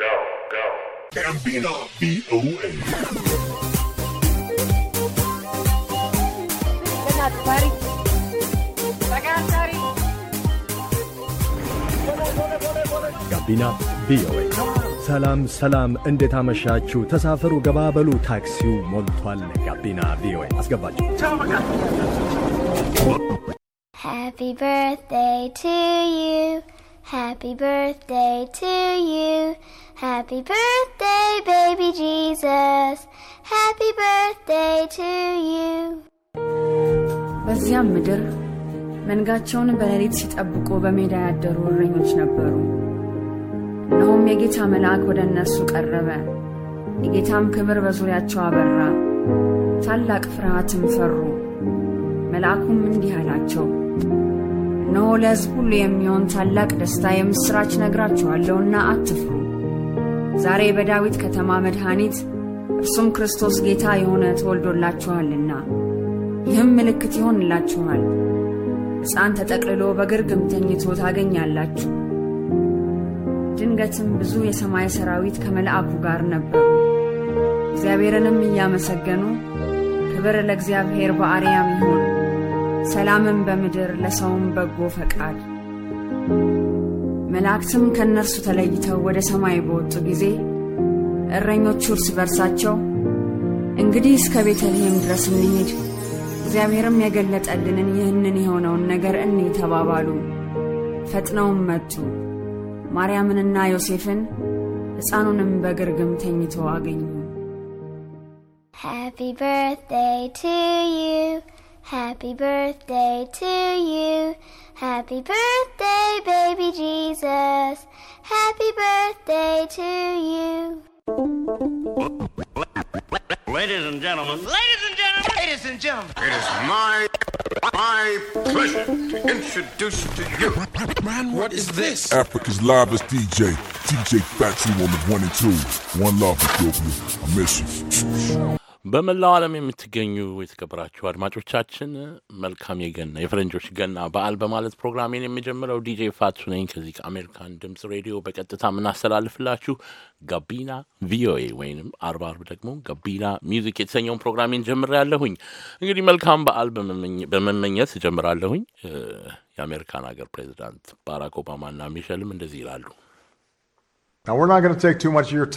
ጋቢና ቪኦኤ ጋቢና ቪኦኤ። ሰላም ሰላም፣ እንዴት አመሻችሁ? ተሳፈሩ፣ ገባበሉ፣ ታክሲው ሞልቷል። ጋቢና ቪኦኤ አስገባችሁ። ሃፒ በርዝዴይ ቱ ዩ Happy birthday to you. Happy birthday, baby Jesus. Happy birthday to you. በዚያም ምድር መንጋቸውን በሌሊት ሲጠብቁ በሜዳ ያደሩ እረኞች ነበሩ። እነሆም የጌታ መልአክ ወደ እነርሱ ቀረበ፣ የጌታም ክብር በዙሪያቸው አበራ። ታላቅ ፍርሃትም ፈሩ። መልአኩም እንዲህ አላቸው እነሆ ለሕዝብ ሁሉ የሚሆን ታላቅ ደስታ የምሥራች ነግራችኋለሁና አትፍሩ። ዛሬ በዳዊት ከተማ መድኃኒት እርሱም ክርስቶስ ጌታ የሆነ ተወልዶላችኋልና ይህም ምልክት ይሆንላችኋል፣ ሕፃን ተጠቅልሎ በግርግም ተኝቶ ታገኛላችሁ። ድንገትም ብዙ የሰማይ ሰራዊት ከመልአኩ ጋር ነበሩ፣ እግዚአብሔርንም እያመሰገኑ ክብር ለእግዚአብሔር በአርያም ይሁን ሰላምን በምድር ለሰውም በጎ ፈቃድ። መላእክትም ከእነርሱ ተለይተው ወደ ሰማይ በወጡ ጊዜ እረኞቹ እርስ በርሳቸው እንግዲህ እስከ ቤተልሔም ድረስ እንሂድ፣ እግዚአብሔርም የገለጠልንን ይህንን የሆነውን ነገር እኒ ተባባሉ። ፈጥነውም መጡ፣ ማርያምንና ዮሴፍን ሕፃኑንም በግርግም ተኝቶ አገኙ። ሃፒ በርዝዴይ ቱ ዩ Happy birthday to you. Happy birthday, baby Jesus. Happy birthday to you. Ladies and gentlemen. Ladies and gentlemen. Ladies and gentlemen. It is my my pleasure to introduce to you. Man, what is this? Africa's livest DJ, DJ Factory on the one and two. One love, Ethiopia. I miss you. በመላው ዓለም የምትገኙ የተከበራችሁ አድማጮቻችን መልካም የገና የፈረንጆች ገና በዓል በማለት ፕሮግራሜን የሚጀምረው ዲጄ ፋቱ ነኝ። ከዚህ ከአሜሪካን ድምፅ ሬዲዮ በቀጥታ የምናስተላልፍላችሁ ጋቢና ቪኦኤ ወይንም አርብ አርብ ደግሞ ጋቢና ሚውዚክ የተሰኘውን ፕሮግራሜን ያለሁኝ እንግዲህ መልካም በዓል በመመኘት ጀምራለሁኝ። የአሜሪካን ሀገር ፕሬዚዳንት ባራክ ኦባማና ሚሸልም እንደዚህ ይላሉ። ዛሬ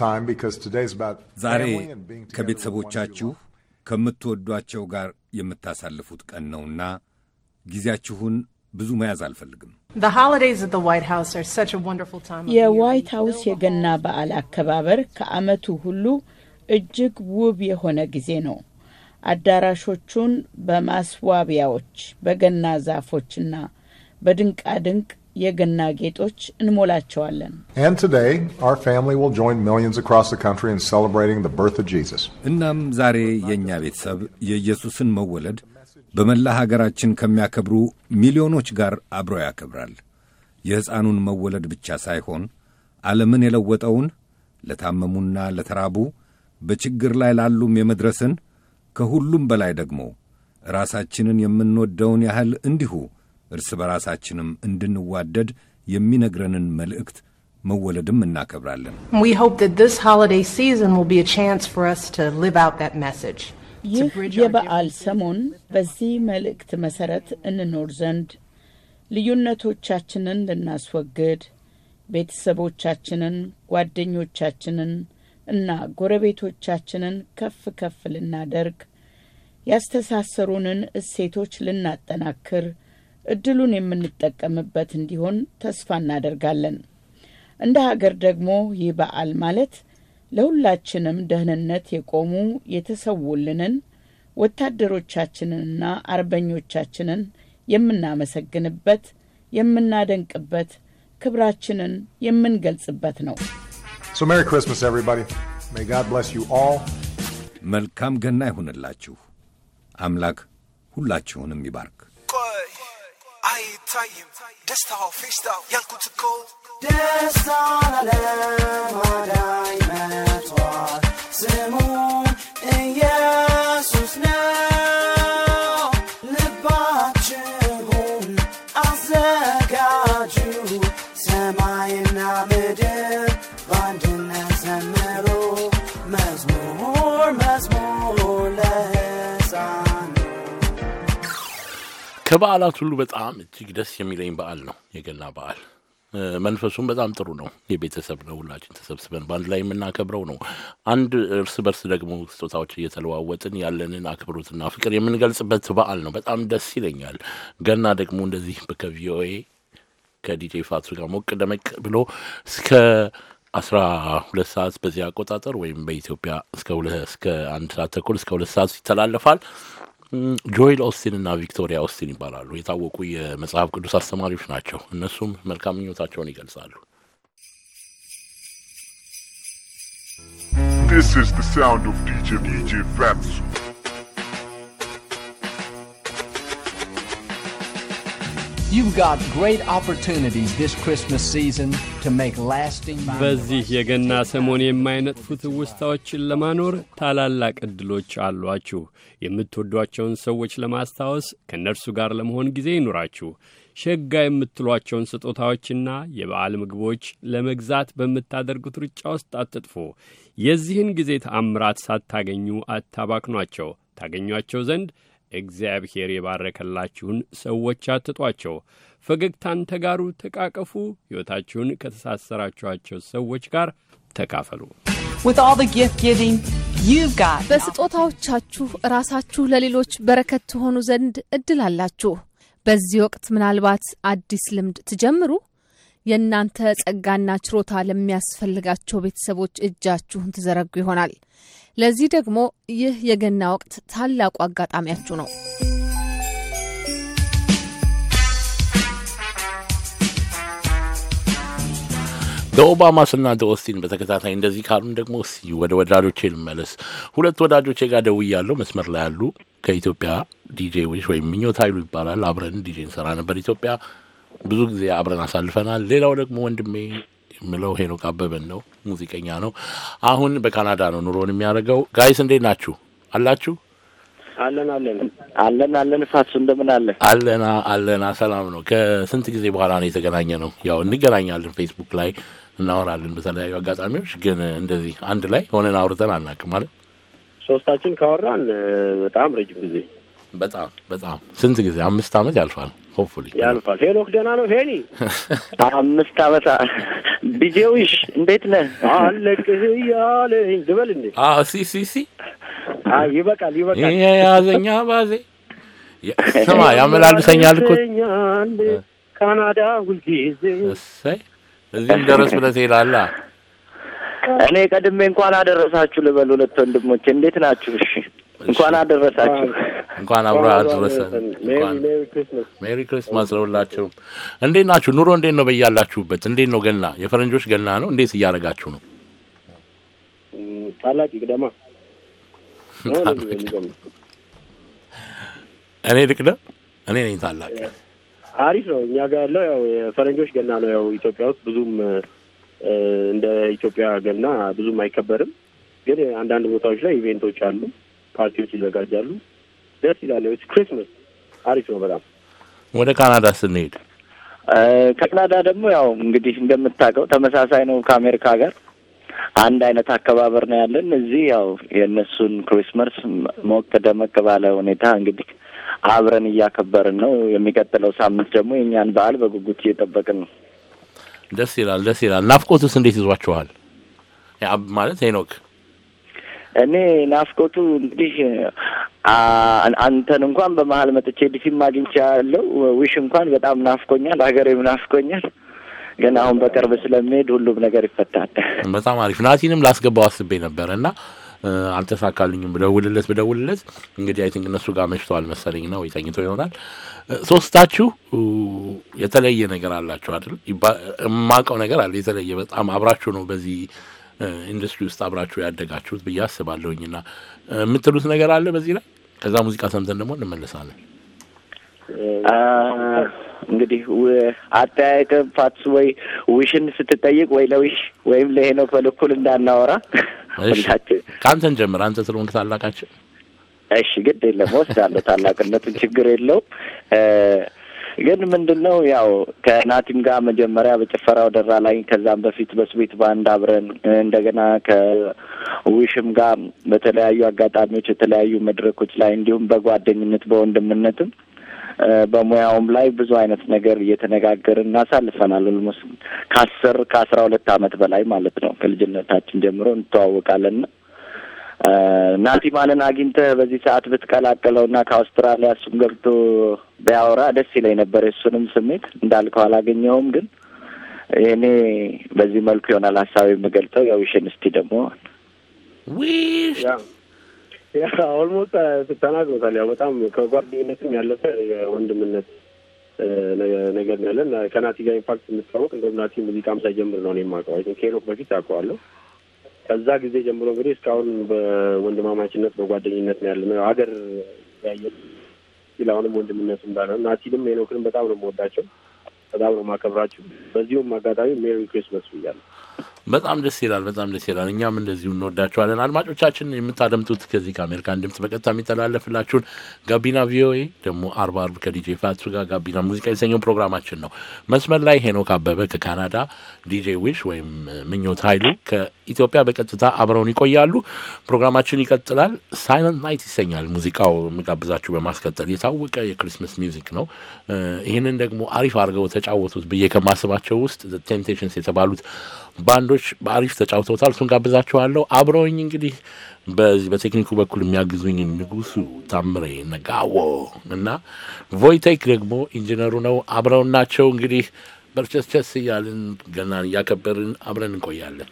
ከቤተሰቦቻችሁ ከምትወዷቸው ጋር የምታሳልፉት ቀን ነውና ጊዜያችሁን ብዙ መያዝ አልፈልግም። የዋይት ሀውስ የገና በዓል አከባበር ከዓመቱ ሁሉ እጅግ ውብ የሆነ ጊዜ ነው። አዳራሾቹን በማስዋቢያዎች፣ በገና ዛፎችና በድንቃድንቅ የገና ጌጦች እንሞላቸዋለን። እናም ዛሬ የእኛ ቤተሰብ የኢየሱስን መወለድ በመላ ሀገራችን ከሚያከብሩ ሚሊዮኖች ጋር አብሮ ያከብራል። የሕፃኑን መወለድ ብቻ ሳይሆን ዓለምን የለወጠውን ለታመሙና ለተራቡ በችግር ላይ ላሉም የመድረስን ከሁሉም በላይ ደግሞ ራሳችንን የምንወደውን ያህል እንዲሁ እርስ በራሳችንም እንድንዋደድ የሚነግረንን መልእክት መወለድም እናከብራለን። ይህ የበዓል ሰሞን በዚህ መልእክት መሰረት እንኖር ዘንድ ልዩነቶቻችንን ልናስወግድ ቤተሰቦቻችንን፣ ጓደኞቻችንን እና ጎረቤቶቻችንን ከፍ ከፍ ልናደርግ ያስተሳሰሩንን እሴቶች ልናጠናክር እድሉን የምንጠቀምበት እንዲሆን ተስፋ እናደርጋለን። እንደ ሀገር ደግሞ ይህ በዓል ማለት ለሁላችንም ደህንነት የቆሙ የተሰውልንን ወታደሮቻችንንና አርበኞቻችንን የምናመሰግንበት፣ የምናደንቅበት፣ ክብራችንን የምንገልጽበት ነው። መልካም ገና ይሁንላችሁ። አምላክ ሁላችሁንም ይባርክ። play it time. That's how I fish out. Yankutuko. That's all I learned. ከበዓላት ሁሉ በጣም እጅግ ደስ የሚለኝ በዓል ነው የገና በዓል። መንፈሱም በጣም ጥሩ ነው። የቤተሰብ ነው። ሁላችን ተሰብስበን በአንድ ላይ የምናከብረው ነው። አንድ እርስ በርስ ደግሞ ስጦታዎች እየተለዋወጥን ያለንን አክብሮትና ፍቅር የምንገልጽበት በዓል ነው። በጣም ደስ ይለኛል። ገና ደግሞ እንደዚህ ከቪኦኤ ከዲጄ ፋቱ ጋር ሞቅ ደመቅ ብሎ እስከ አስራ ሁለት ሰዓት በዚህ አቆጣጠር ወይም በኢትዮጵያ እስከ አንድ ሰዓት ተኩል እስከ ሁለት ሰዓት ይተላለፋል። ጆኤል ኦስቲን እና ቪክቶሪያ ኦስቲን ይባላሉ። የታወቁ የመጽሐፍ ቅዱስ አስተማሪዎች ናቸው። እነሱም መልካም ምኞታቸውን ይገልጻሉ። This is the sound of DJ DJ Fatsu. በዚህ የገና ሰሞን የማይነጥፉት ውስታዎችን ለማኖር ታላላቅ ዕድሎች አሏችሁ። የምትወዷቸውን ሰዎች ለማስታወስ ከእነርሱ ጋር ለመሆን ጊዜ ይኑራችሁ። ሸጋ የምትሏቸውን ስጦታዎችና የበዓል ምግቦች ለመግዛት በምታደርጉት ሩጫ ውስጥ አትጥፉ። የዚህን ጊዜ ተአምራት ሳታገኙ አታባክኗቸው። ታገኟቸው ዘንድ እግዚአብሔር የባረከላችሁን ሰዎች አትጧቸው። ፈገግታን ተጋሩ፣ ተቃቀፉ። ሕይወታችሁን ከተሳሰራችኋቸው ሰዎች ጋር ተካፈሉ። በስጦታዎቻችሁ ራሳችሁ ለሌሎች በረከት ትሆኑ ዘንድ እድል አላችሁ። በዚህ ወቅት ምናልባት አዲስ ልምድ ትጀምሩ። የእናንተ ጸጋና ችሮታ ለሚያስፈልጋቸው ቤተሰቦች እጃችሁን ትዘረጉ ይሆናል። ለዚህ ደግሞ ይህ የገና ወቅት ታላቁ አጋጣሚያችሁ ነው። ኦባማስ እና ኦስቲን በተከታታይ እንደዚህ ካሉን ደግሞ እስቲ ወደ ወዳጆቼ ልመለስ። ሁለት ወዳጆቼ ጋር ደውያለሁ። መስመር ላይ ያሉ ከኢትዮጵያ ዲጄ ዊሽ ወይም ምኞት ኃይሉ ይባላል። አብረን ዲጄ እንሰራ ነበር ኢትዮጵያ ብዙ ጊዜ አብረን አሳልፈናል። ሌላው ደግሞ ወንድሜ የምለው ሄኖክ አበበን ነው። ሙዚቀኛ ነው። አሁን በካናዳ ነው ኑሮን የሚያደርገው። ጋይስ እንዴት ናችሁ? አላችሁ? አለን አለን አለን አለን እሳሱ እንደምን አለ አለና አለና ሰላም ነው። ከስንት ጊዜ በኋላ ነው የተገናኘ ነው። ያው እንገናኛለን፣ ፌስቡክ ላይ እናወራለን በተለያዩ አጋጣሚዎች፣ ግን እንደዚህ አንድ ላይ ሆነን አውርተን አናውቅም ማለት ሶስታችን ካወራን በጣም ረጅም ጊዜ በጣም በጣም ስንት ጊዜ አምስት አመት ያልፋል። ሆፕፉሊ ያልፋል። ሄኖክ ደህና ነው ሄኒ አምስት አመት ቢዜውሽ እንዴት ነህ? አለቅህ እያለኝ ልበል እንዴ? አዎ ሲ ሲ ሲ ይበቃል፣ ይበቃል። የያዘኛ ባዜ ስማ ያመላልሰኛል እኮ ካናዳ ሁልጊዜ። እሰይ እዚህም ደረስ ብለህ ትሄዳለህ። እኔ ቀድሜ እንኳን አደረሳችሁ ልበል። ሁለት ወንድሞቼ እንዴት ናችሁ? እሺ እንኳን አደረሳችሁ። እንኳን አብሮ አደረሰን። ሜሪ ክሪስማስ ለሁላችሁም። እንዴት ናችሁ? ኑሮ እንዴት ነው? በያላችሁበት እንዴት ነው? ገና የፈረንጆች ገና ነው። እንዴት እያደረጋችሁ ነው? ታላቅ ይቅደማ። እኔ ልቅደም። እኔ ነኝ ታላቅ። አሪፍ ነው። እኛ ጋር ያለው ያው የፈረንጆች ገና ነው። ያው ኢትዮጵያ ውስጥ ብዙም እንደ ኢትዮጵያ ገና ብዙም አይከበርም፣ ግን አንዳንድ ቦታዎች ላይ ኢቬንቶች አሉ ፓርቲዎች ይዘጋጃሉ። ደስ ይላል። ክሪስማስ አሪፍ ነው በጣም። ወደ ካናዳ ስንሄድ ከካናዳ ደግሞ ያው እንግዲህ እንደምታውቀው ተመሳሳይ ነው ከአሜሪካ ጋር አንድ አይነት አከባበር ነው ያለን። እዚህ ያው የእነሱን ክሪስማስ ሞቅ ደመቅ ባለ ሁኔታ እንግዲህ አብረን እያከበርን ነው። የሚቀጥለው ሳምንት ደግሞ የእኛን በዓል በጉጉት እየጠበቅን ነው። ደስ ይላል፣ ደስ ይላል። ናፍቆትስ እንዴት ይዟችኋል? ማለት ሄኖክ እኔ ናፍቆቱ እንግዲህ አንተን እንኳን በመሀል መጥቼ ዲሲም አግኝቻ ያለው ዊሽ እንኳን በጣም ናፍቆኛል፣ ሀገሬም ናፍቆኛል። ግን አሁን በቅርብ ስለሚሄድ ሁሉም ነገር ይፈታል። በጣም አሪፍ ናቲንም ላስገባው አስቤ ነበር እና አልተሳካልኝም። ብደውልለት ብደውልለት እንግዲህ አይ ቲንክ እነሱ ጋር መሽተዋል መሰለኝ ነው ተኝቶ ይሆናል። ሶስታችሁ የተለየ ነገር አላችሁ አይደል? የማውቀው ነገር አለ የተለየ በጣም አብራችሁ ነው በዚህ ኢንዱስትሪ ውስጥ አብራችሁ ያደጋችሁት ብዬ አስባለሁኝና የምትሉት ነገር አለ በዚህ ላይ? ከዛ ሙዚቃ ሰምተን ደግሞ እንመለሳለን። እንግዲህ አጠያየቅም ፋትስ ወይ ውሽን ስትጠይቅ ወይ ለውሽ ወይም ለሄኖ በልኩል እንዳናወራ ከአንተን ጀምር። አንተ ስለሆንክ ታላቃችን። እሺ ግድ የለም ወስዳለሁ። ታላቅነቱን ችግር የለውም። ግን ምንድን ነው ያው ከናቲም ጋር መጀመሪያ በጭፈራው ደራ ላይ ከዛም በፊት በስዊት ባንድ አብረን እንደገና ከዊሽም ጋር በተለያዩ አጋጣሚዎች የተለያዩ መድረኮች ላይ እንዲሁም በጓደኝነት በወንድምነትም በሙያውም ላይ ብዙ አይነት ነገር እየተነጋገርን እናሳልፈናል። ልሙስ ከአስር ከአስራ ሁለት አመት በላይ ማለት ነው። ከልጅነታችን ጀምሮ እንተዋወቃለን። ናቲ ማለን አግኝተ በዚህ ሰዓት ብትቀላቀለው እና ከአውስትራሊያ እሱም ገብቶ ቢያወራ ደስ ይለኝ ነበር። እሱንም ስሜት እንዳልከው አላገኘውም፣ ግን እኔ በዚህ መልኩ ይሆናል ሀሳብ የምገልጠው ያው እስቲ ደግሞ ዊሽ ኦልሞስት ተናግሮታል። ያው በጣም ከጓደኝነትም ያለፈ ወንድምነት ነገር ያለን ከናቲ ጋር ኢንፋክት የምትታወቅ እንደውም ናቲ ሙዚቃም ሳይጀምር ነው እኔ የማውቀው። ኬሎክ በፊት አውቀዋለሁ ከዛ ጊዜ ጀምሮ እንግዲህ እስካሁን በወንድማማችነት በጓደኝነት ነው ያለ ነው ሀገር ያየ ሲል አሁንም ወንድምነት እንዳለ ናቲንም ሄኖክንም በጣም ነው የምወዳቸው፣ በጣም ነው የማከብራቸው። በዚሁም አጋጣሚ ሜሪ ክሪስመስ ብያለሁ። በጣም ደስ ይላል። በጣም ደስ ይላል። እኛም እንደዚሁ እንወዳቸዋለን አድማጮቻችን የምታደምጡት ከዚህ ከአሜሪካን ድምጽ በቀጥታ የሚተላለፍላችሁን ጋቢና ቪኦኤ ደግሞ አርብ አርብ ከዲጄ ፋቱ ጋር ጋቢና ሙዚቃ የሰኘው ፕሮግራማችን ነው። መስመር ላይ ሄኖክ አበበ ከካናዳ፣ ዲጄ ዊሽ ወይም ምኞት ኃይሉ ከኢትዮጵያ በቀጥታ አብረውን ይቆያሉ። ፕሮግራማችን ይቀጥላል። ሳይለንት ናይት ይሰኛል ሙዚቃው የሚጋብዛችሁ በማስቀጠል የታወቀ የክሪስማስ ሚውዚክ ነው። ይህንን ደግሞ አሪፍ አድርገው ተጫወቱት ብዬ ከማስባቸው ውስጥ ቴምፕቴሽንስ የተባሉት ባንዶ ወንዶች በአሪፍ ተጫውተውታል። እሱን ጋብዛችኋለሁ። አብረውኝ እንግዲህ በዚህ በቴክኒኩ በኩል የሚያግዙኝ ንጉሱ ታምሬ ነጋዎ እና ቮይቴክ ደግሞ ኢንጂነሩ ነው። አብረው ናቸው እንግዲህ በርቸስቸስ እያልን ገናን እያከበርን አብረን እንቆያለን።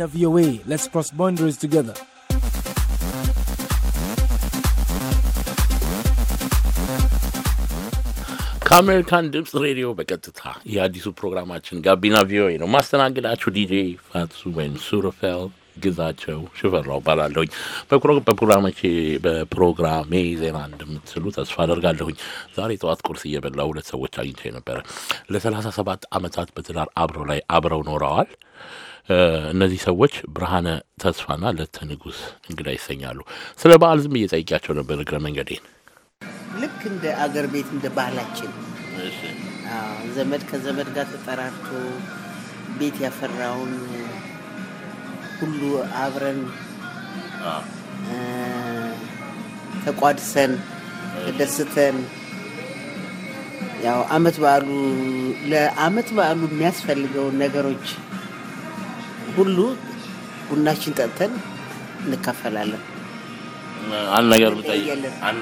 na VOA. Let's cross boundaries together. ከአሜሪካን ድምፅ ሬዲዮ በቀጥታ የአዲሱ ፕሮግራማችን ጋቢና ቪኦኤ ነው። ማስተናገዳችሁ ዲጄ ፋትሱ ወይም ሱርፌል ግዛቸው ሽፈራው ባላለሁኝ በፕሮግራሜ ዜና እንደምትሉ ተስፋ አደርጋለሁኝ። ዛሬ ጠዋት ቁርስ እየበላ ሁለት ሰዎች አግኝቼ ነበረ። ለሰላሳ ሰባት ዓመታት በትዳር አብረው ላይ አብረው ኖረዋል። እነዚህ ሰዎች ብርሃነ ተስፋና ለተ ንጉስ እንግዳ ይሰኛሉ። ስለ በዓል ዝም እየጠይቂያቸው ነበር እግረ መንገዴን ልክ እንደ አገር ቤት እንደ ባህላችን ዘመድ ከዘመድ ጋር ተጠራርቶ ቤት ያፈራውን ሁሉ አብረን ተቋድሰን ተደስተን ያው አመት በዓሉ ለአመት በዓሉ የሚያስፈልገውን ነገሮች ሁሉ ቡናችን ጠጥተን እንካፈላለን። አንድ ነገር ብጠይቅ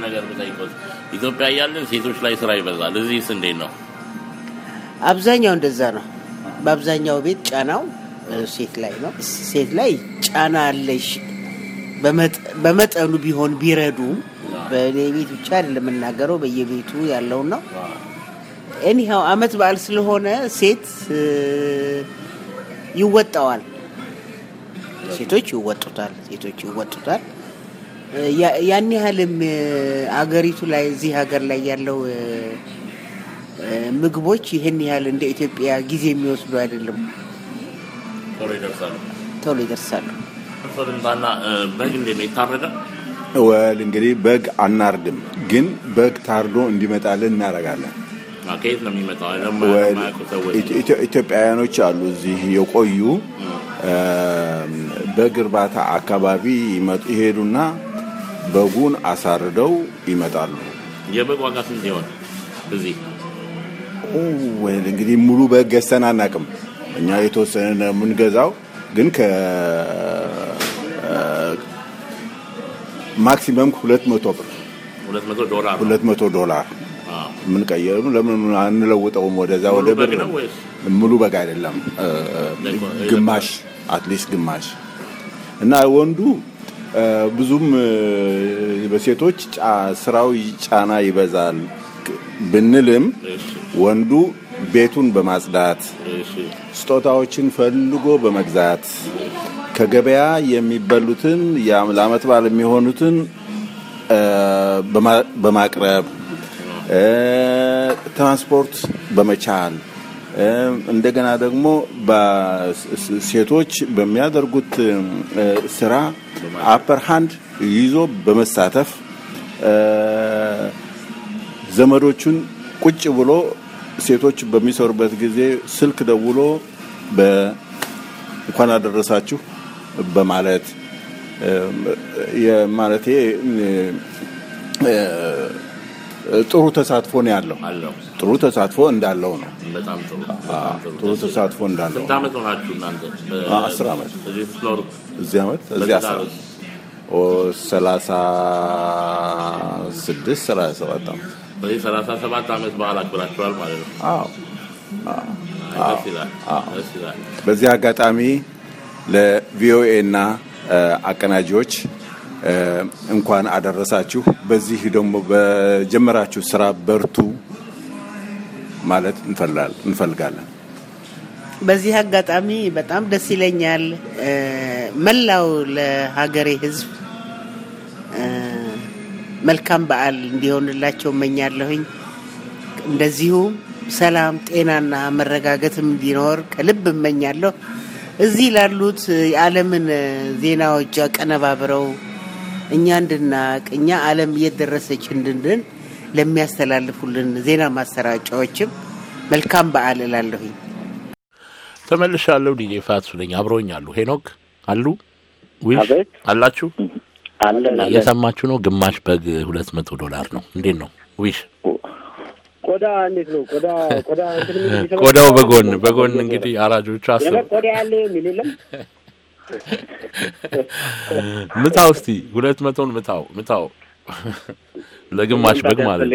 ነገር ኢትዮጵያ እያለን ሴቶች ላይ ስራ ይበዛል። እዚህስ እንዴት ነው? አብዛኛው እንደዛ ነው። በአብዛኛው ቤት ጫናው ሴት ላይ ነው። ሴት ላይ ጫና አለሽ። በመጠኑ ቢሆን ቢረዱ በእኔ ቤት ብቻ አይደለም የምናገረው፣ በየቤቱ ያለው ነው። እኒሃው አመት በዓል ስለሆነ ሴት ይወጣዋል። ሴቶች ይወጡታል፣ ሴቶች ይወጡታል። ያን ያህልም አገሪቱ ላይ እዚህ ሀገር ላይ ያለው ምግቦች ይህን ያህል እንደ ኢትዮጵያ ጊዜ የሚወስዱ አይደለም። ቶሎ ይደርሳሉ፣ በግ ወል እንግዲህ በግ አናርድም፣ ግን በግ ታርዶ እንዲመጣልን እናደርጋለን። ኢትዮጵያውያኖች አሉ እዚህ የቆዩ በግርባታ አካባቢ ይሄዱና በጉን አሳርደው ይመጣሉ። የበግ ዋጋ ስንት ይሆን? እዚህ እንግዲህ ሙሉ በግ ገዝተን አናቅም። እኛ የተወሰነ የምንገዛው ግን ማክሲመም ሁለት መቶ ብር ሁለት መቶ ዶላር የምንቀየሩ ለምን አንለውጠውም? ወደዛ ወደ ብር ነው ሙሉ በግ አይደለም፣ ግማሽ አትሊስት ግማሽ እና ወንዱ ብዙም በሴቶች ስራው ጫና ይበዛል ብንልም ወንዱ ቤቱን በማጽዳት ስጦታዎችን ፈልጎ በመግዛት ከገበያ የሚበሉትን ለአመት በዓል የሚሆኑትን በማቅረብ ትራንስፖርት በመቻል እንደገና ደግሞ ሴቶች በሚያደርጉት ስራ አፐር ሃንድ ይዞ በመሳተፍ ዘመዶቹን ቁጭ ብሎ ሴቶች በሚሰሩበት ጊዜ ስልክ ደውሎ እንኳን አደረሳችሁ በማለት ማለት ጥሩ ተሳትፎ ነው ያለው። ጥሩ ተሳትፎ እንዳለው ነው። ጥሩ ተሳትፎ እንዳለው አስር ዓመት እዚህ ዓመት እዚህ አስር ሰላሳ ስድስት ሰላሳ ሰባት ዓመት በዚህ ሰላሳ ሰባት ዓመት በዓል አክብራችኋል ማለት ነው። በዚህ አጋጣሚ ለቪኦኤ እና አቀናጂዎች እንኳን አደረሳችሁ። በዚህ ደግሞ በጀመራችሁ ስራ በርቱ። ማለት እንፈልጋለን። በዚህ አጋጣሚ በጣም ደስ ይለኛል። መላው ለሀገሬ ህዝብ መልካም በዓል እንዲሆንላቸው እመኛለሁኝ። እንደዚሁም ሰላም፣ ጤናና መረጋገትም እንዲኖር ከልብ እመኛለሁ። እዚህ ላሉት የዓለምን ዜናዎች አቀነባብረው እኛ እንድናቅ እኛ ዓለም እየደረሰች እንድንድን ለሚያስተላልፉልን ዜና ማሰራጫዎችም መልካም በዓል እላለሁኝ። ተመልሻለሁ። ዲጄ ፋት ሱለኝ አብረውኝ አሉ ሄኖክ አሉ ዊሽ አላችሁ እየሰማችሁ ነው። ግማሽ በግ ሁለት መቶ ዶላር ነው። እንዴት ነው ዊሽ ቆዳ እንዴት ነው ቆዳ ቆዳ ቆዳው በጎን በጎን እንግዲህ አራጆቹ አስቡ። ቆዳ ያለ የሚል የለም። ምታው እስቲ ሁለት መቶን ምታው ምታው ለግማሽ በግ ማለት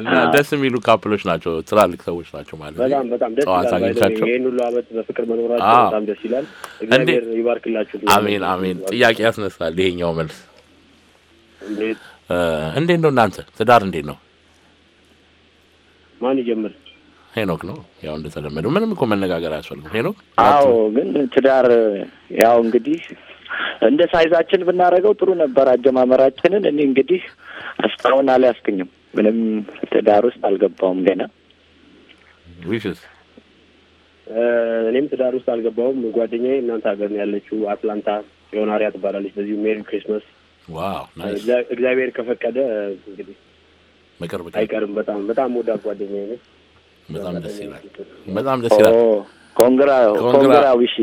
እና ደስ የሚሉ ካፕሎች ናቸው። ትላልቅ ሰዎች ናቸው ማለት በጣም በጣም ደስ ይላል። ይህን ሁሉ አመት በፍቅር መኖራቸው በጣም ደስ ይላል። እግዚአብሔር ይባርክላችሁ። አሜን አሜን። ጥያቄ ያስነሳል ይሄኛው መልስ። እንዴት ነው እናንተ ትዳር እንዴት ነው? ማን ይጀምር? ሄኖክ ነው ያው እንደተለመደው። ምንም እኮ መነጋገር አያስፈልግም። ሄኖክ አዎ። ግን ትዳር ያው እንግዲህ እንደ ሳይዛችን ብናደርገው ጥሩ ነበር አጀማመራችንን። እኔ እንግዲህ እስካሁን አልያዝኩኝም፣ ምንም ትዳር ውስጥ አልገባውም ገና። እኔም ትዳር ውስጥ አልገባውም። ጓደኛዬ እናንተ ሀገር ነው ያለችው፣ አትላንታ የሆናሪያ ትባላለች። በዚሁ ሜሪ ክሪስማስ። ዋው ናይስ። እግዚአብሔር ከፈቀደ እንግዲህ መቅረብ አይቀርም። በጣም በጣም ወዳት ጓደኛዬ ነች። በጣም ደስ ይላል። በጣም ደስ ይላል። ኮንግራው ኮንግራው እሺ፣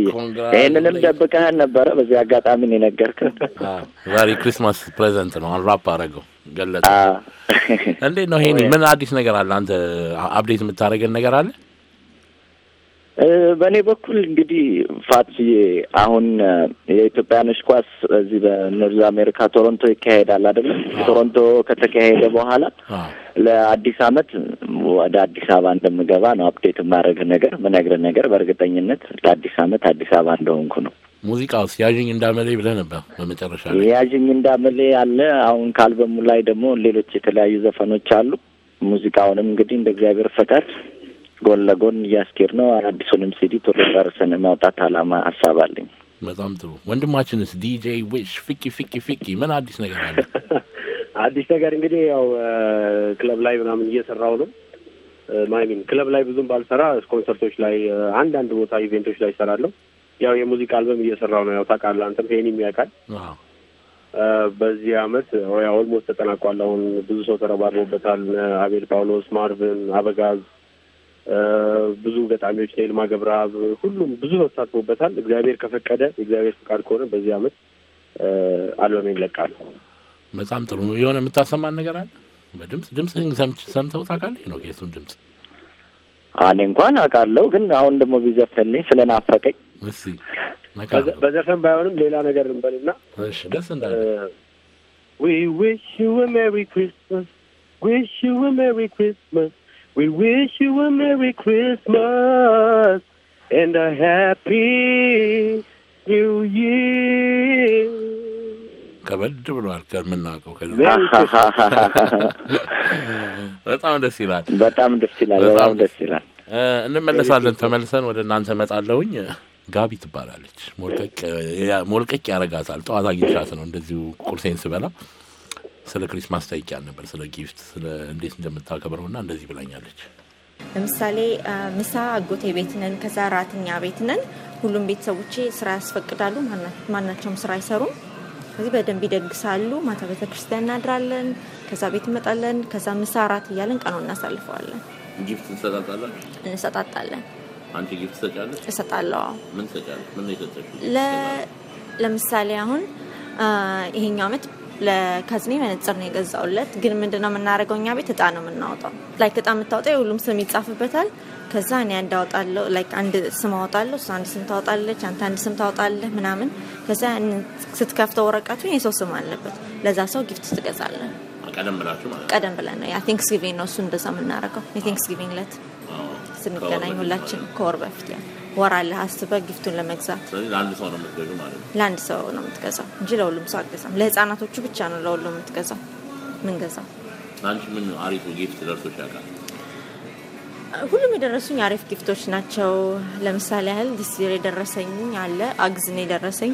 ይህንንም ደብቀህን ነበረ። በዚህ አጋጣሚ ነው የነገርክን። ዛሬ ክሪስማስ ፕሬዘንት ነው። አንራፕ አረገው ገለጠ። እንዴት ነው ይሄ? ምን አዲስ ነገር አለ? አንተ አፕዴት የምታደርገን ነገር አለ? በእኔ በኩል እንግዲህ ፋትዬ አሁን የኢትዮጵያኖች ኳስ እዚህ በኖርዝ አሜሪካ ቶሮንቶ ይካሄዳል አይደለም? ቶሮንቶ ከተካሄደ በኋላ ለአዲስ አመት ወደ አዲስ አበባ እንደምገባ ነው አፕዴት የማድረግ ነገር ምነግር ነገር በእርግጠኝነት ለአዲስ ዓመት አዲስ አበባ እንደሆንኩ ነው። ውስጥ ያዥኝ እንዳመሌ ብለህ ነበር። በመጨረሻ ያዥኝ እንዳመሌ አለ። አሁን ከአልበሙ ላይ ደግሞ ሌሎች የተለያዩ ዘፈኖች አሉ። ሙዚቃውንም እንግዲህ እንደ እግዚአብሔር ፈቃድ ጎን ለጎን እያስኬድ ነው። አዲሱንም ሲዲ ቶሎ ጨርሰን ማውጣት አላማ ሀሳብ አለኝ። በጣም ጥሩ ወንድማችንስ ዲጄ ዊሽ ፍቂ ፍቂ ፍቂ ምን አዲስ ነገር አለ? አዲስ ነገር እንግዲህ ያው ክለብ ላይ ምናምን እየሰራው ነው ማይሚን ክለብ ላይ ብዙም ባልሰራ ኮንሰርቶች ላይ አንዳንድ ቦታ ኢቬንቶች ላይ ይሰራለሁ። ያው የሙዚቃ አልበም እየሰራው ነው። ያው ታውቃለህ አንተም ይሄን የሚያውቃል በዚህ አመት ያው ኦልሞስት ተጠናቋል። አሁን ብዙ ሰው ተረባርቦበታል። አቤል ጳውሎስ፣ ማርቭን፣ አበጋዝ ብዙ ገጣሚዎች ላይ ልማ ገብረአብ፣ ሁሉም ብዙ ሰው ተሳትፎበታል። እግዚአብሔር ከፈቀደ እግዚአብሔር ፍቃድ ከሆነ በዚህ አመት አልበሜን እለቃለሁ። በጣም ጥሩ ነው። የሆነ የምታሰማን ነገር አለ? በድምፅ ድምፅ ሰምተው ታውቃለህ ነው ጌቱን ድምፅ እኔ እንኳን አውቃለሁ፣ ግን አሁን ደግሞ ቢዘፈንልኝ ስለናፈቀኝ በዘፈን ባይሆንም ሌላ ነገር እንበልና ደስ እንዳለ ዊ wish you a Merry Christmas. Wish you a We wish you a Merry Christmas and a Happy New Year. ከበድ ብሏል። ከምናውቀው በጣም ደስ ይላል። በጣም ደስ ይላል። በጣም ደስ ይላል። እንመለሳለን። ተመልሰን ወደ እናንተ እመጣለሁኝ። ጋቢ ትባላለች። ሞልቀቅ ያረጋታል። ጠዋት አግኝቻት ነው እንደዚሁ ቁርሴን ስበላ ስለ ክሪስማስ ታይቂያል ነበር፣ ስለ ጊፍት፣ ስለ እንዴት እንደምታከብረው እና እንደዚህ ብላኛለች። ለምሳሌ ምሳ አጎቴ ቤት ነን፣ ከዛ ራትኛ ቤት ነን። ሁሉም ቤተሰቦቼ ስራ ያስፈቅዳሉ፣ ማናቸውም ስራ አይሰሩም። ከዚህ በደንብ ይደግሳሉ። ማታ ቤተክርስቲያን እናድራለን፣ ከዛ ቤት እንመጣለን፣ ከዛ ምሳ ራት እያለን ቀኑ እናሳልፈዋለን። ጊፍት እንሰጣጣለን እንሰጣጣለን። አንቺ ጊፍት ትሰጫለሽ? እሰጣለሁ። ምን ትሰጫለሽ? ምን ነው የሰጠሽው? ለምሳሌ አሁን ይሄኛው አመት ለከዝኔ መነጽር ነው የገዛውለት። ግን ምንድነው የምናደርገው እኛ ቤት እጣ ነው የምናወጣው። ላይክ እጣ የምታወጣው የሁሉም ስም ይጻፍበታል። ከዛ እኔ አንድ አወጣለሁ፣ ላይክ አንድ ስም አወጣለሁ፣ እሱ አንድ ስም ታወጣለች፣ አንተ አንድ ስም ታወጣለህ ምናምን። ከዛ ስትከፍተው ወረቀቱን የሰው ስም አለበት። ለዛ ሰው ጊፍት ትገዛለን። ቀደም ብላችሁ ማለት ቀደም ብለን ነው። ቴንክስ ጊቪንግ ነው እሱ እንደዛ የምናደርገው። የቴንክስ ጊቪንግ ለት ስንገናኝ ሁላችን ከወር በፊት ያ ወር አለህ አስበህ ጊፍቱን ለመግዛት። ለአንድ ሰው ነው የምትገዛው ሰው ነው የምትገዛው እንጂ ለሁሉም ሰው አትገዛም። ለህፃናቶቹ ብቻ ነው ለሁሉም የምትገዛው። ምን ገዛው? ምን አሪፍ ጊፍት ደርሶች ያውቃል? ሁሉም የደረሱኝ አሪፍ ጊፍቶች ናቸው። ለምሳሌ ያህል ዲስር የደረሰኝ አለ። አግዝን ነው የደረሰኝ።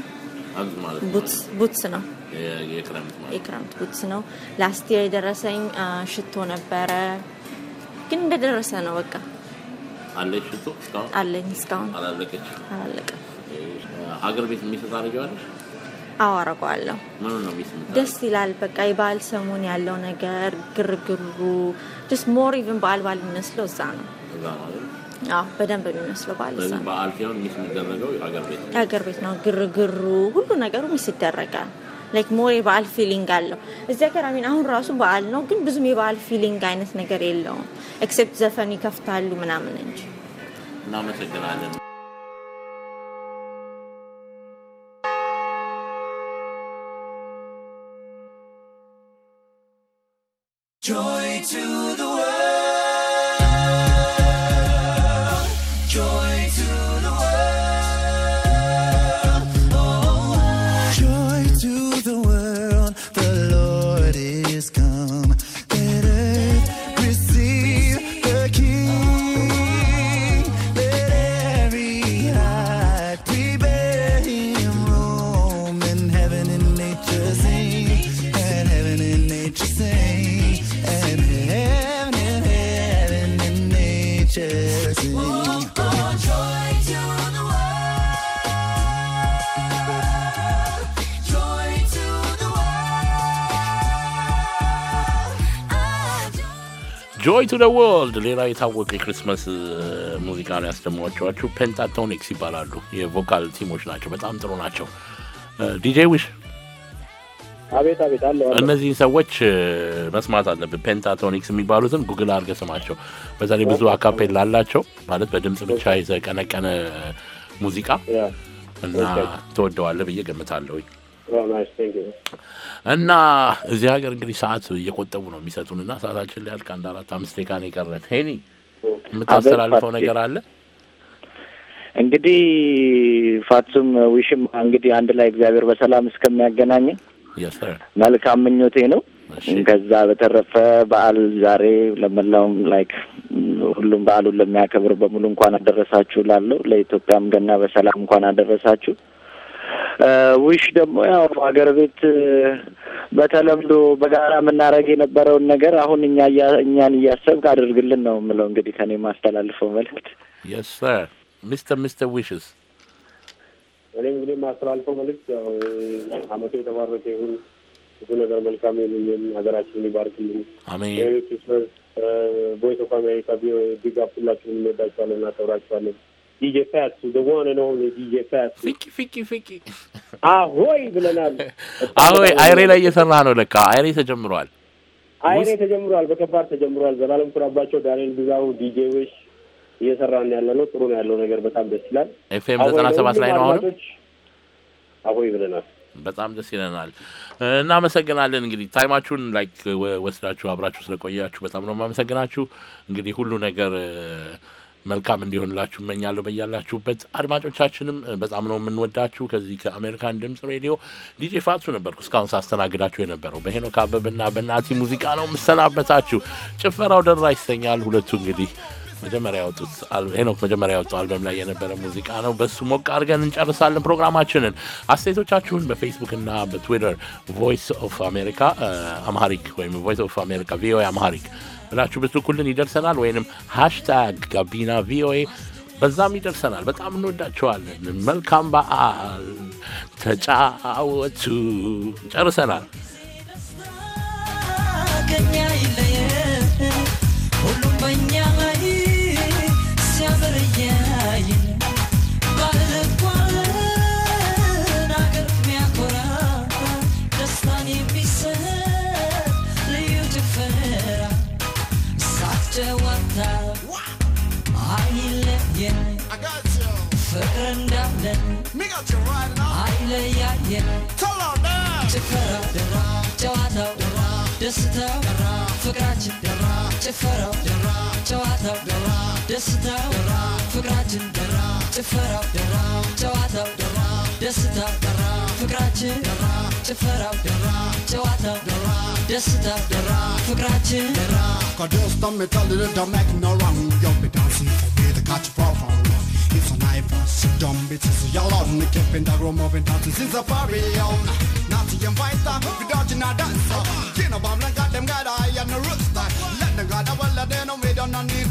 ቡትስ ነው የክረምት ቡትስ ነው። ላስት የደረሰኝ ሽቶ ነበረ። ግን እንደደረሰ ነው በቃ አለች ሽቶ እስካሁን አለኝ። እስካሁን አላለቀች አላለቀ። ሀገር ቤት የሚሰጥ አድርጌዋለሽ? አዎ አረገዋለሁ። ምኑ ነው ቤት ደስ ይላል። በቃ የበዓል ሰሞን ያለው ነገር ግርግሩ፣ ስ ሞር ኢቭን በዓል በዓል የሚመስለው እዛ ነው። በደንብ የሚመስለው በዓል እዛ ነው። በዓል ሲሆን ሚስ የሚደረገው የሀገር ቤት ነው። ግርግሩ፣ ሁሉ ነገሩ ሚስ ይደረጋል። ላይክ ሞር የበዓል ፊሊንግ አለው። እዚያ ጋር አሚን አሁን ራሱ በዓል ነው፣ ግን ብዙም የበዓል ፊሊንግ አይነት ነገር የለውም። ኤክሴፕት ዘፈን ይከፍታሉ ምናምን እንጂ። እናመሰግናለን። Joy to the world. ጆይ ቱ ደ ወርልድ ሌላ የታወቀ የክሪስመስ ሙዚቃ ነው ያስደምሟቸዋችሁ። ፔንታቶኒክስ ይባላሉ። የቮካል ቲሞች ናቸው። በጣም ጥሩ ናቸው። ዲጄ ዊሽ አቤት አቤት አለ። እነዚህን ሰዎች መስማት አለብን። ፔንታቶኒክስ የሚባሉትን ጉግል አድርገህ ስማቸው። በተለይ ብዙ አካፔል አላቸው ማለት በድምፅ ብቻ የተቀነቀነ ሙዚቃ እና ትወደዋለህ ብዬ ገምታለሁኝ። እና እዚህ ሀገር እንግዲህ ሰዓት እየቆጠቡ ነው የሚሰጡን እና ሰዓታችን ሊያልቅ አንድ አራት አምስት ደቂቃ ነው የቀረን። ሄኒ የምታስተላልፈው ነገር አለ? እንግዲህ ፋቱም ዊሽም እንግዲህ አንድ ላይ እግዚአብሔር በሰላም እስከሚያገናኘን መልካም ምኞቴ ነው። ከዛ በተረፈ በዓል ዛሬ ለመላውም ላይክ ሁሉም በዓሉን ለሚያከብር በሙሉ እንኳን አደረሳችሁ ላለው ለኢትዮጵያም ገና በሰላም እንኳን አደረሳችሁ። ውሽ ደግሞ ያው ሀገር ቤት በተለምዶ በጋራ የምናደርግ የነበረውን ነገር አሁን እኛ እኛን እያሰብክ አድርግልን ነው የምለው። እንግዲህ ከኔ የማስተላልፈው መልእክት የስ ሚስተር ሚስተር ዊሽስ እኔ እንግዲህ የማስተላልፈው መልእክት ያው አመቱ የተባረከ ይሁን፣ ብዙ ነገር መልካም ይሁን፣ ሀገራችን ይባርክልን። አሜን። ቮይስ ኦፍ አሜሪካ ቢግ አፕ ሁላችሁንም እንወዳችኋለን፣ እናከብራችኋለን። DJ Fatsu, the one and only DJ ፋሱ ፍቂ ፍቂ ፍቂ አሆይ ብለናል። አሆይ አይሬ ላይ እየሰራ ነው ለካ አይሬ ተጀምሯል። አይሬ ተጀምሯል፣ በከባድ ተጀምሯል። ዘላለም ኩራባቸው፣ ዳንኤል ግዛው፣ ዲጄ ዊሽ እየሰራ ያለ ነው። ጥሩ ነው ያለው ነገር በጣም ደስ ይላል። ኤፍኤም ዘጠና ሰባት ላይ ነው አሁን። አሆይ ብለናል። በጣም ደስ ይለናል። እናመሰግናለን። እንግዲህ ታይማችሁን ላይክ ወስዳችሁ አብራችሁ ስለቆያችሁ በጣም ነው የማመሰግናችሁ። እንግዲህ ሁሉ ነገር መልካም እንዲሆንላችሁ እመኛለሁ። በያላችሁበት አድማጮቻችንም በጣም ነው የምንወዳችሁ። ከዚህ ከአሜሪካን ድምፅ ሬዲዮ ዲጄ ፋቱ ነበርኩ። እስካሁን ሳስተናግዳችሁ የነበረው በሄኖክ አበብና በናቲ ሙዚቃ ነው የምሰናበታችሁ። ጭፈራው ደራ ይሰኛል። ሁለቱ እንግዲህ መጀመሪያ ያወጡት ሄኖክ መጀመሪያ ያወጡ አልበም ላይ የነበረ ሙዚቃ ነው። በሱ ሞቅ አድርገን እንጨርሳለን ፕሮግራማችንን። አስተያየቶቻችሁን በፌስቡክ እና በትዊተር ቮይስ ኦፍ አሜሪካ አማሪክ ወይም ቮይስ ኦፍ አሜሪካ ቪኦኤ አማሪክ ብላችሁ ብትልኩልን ይደርሰናል። ወይንም ሃሽታግ ጋቢና ቪኦኤ በዛም ይደርሰናል። በጣም እንወዳቸዋለን መልካም በዓል። ተጫወቱ። ጨርሰናል። Cevaplar Aile yay Fıkrın davlen Aile yay yay Çıkara Cevata Desita Fıkracın Çıfara Cevata Desita Fıkracın Çıfara Cevata ደስታው ደራ ፍቅራችን ደራ ጭፈራው ደራ ጨዋታው ደራ ደስታው ደራ ፍቅራችን ደራ Cause the metal rhythm ignorant You'll be dancing for me to catch profound It's a knife, sit down, bitches, y'all on Keeping the room moving, dancing since the party on Nazi inviter, we dodging our dancer Kino bomb, let them get high and the rooster Let them get a well, they know we don't need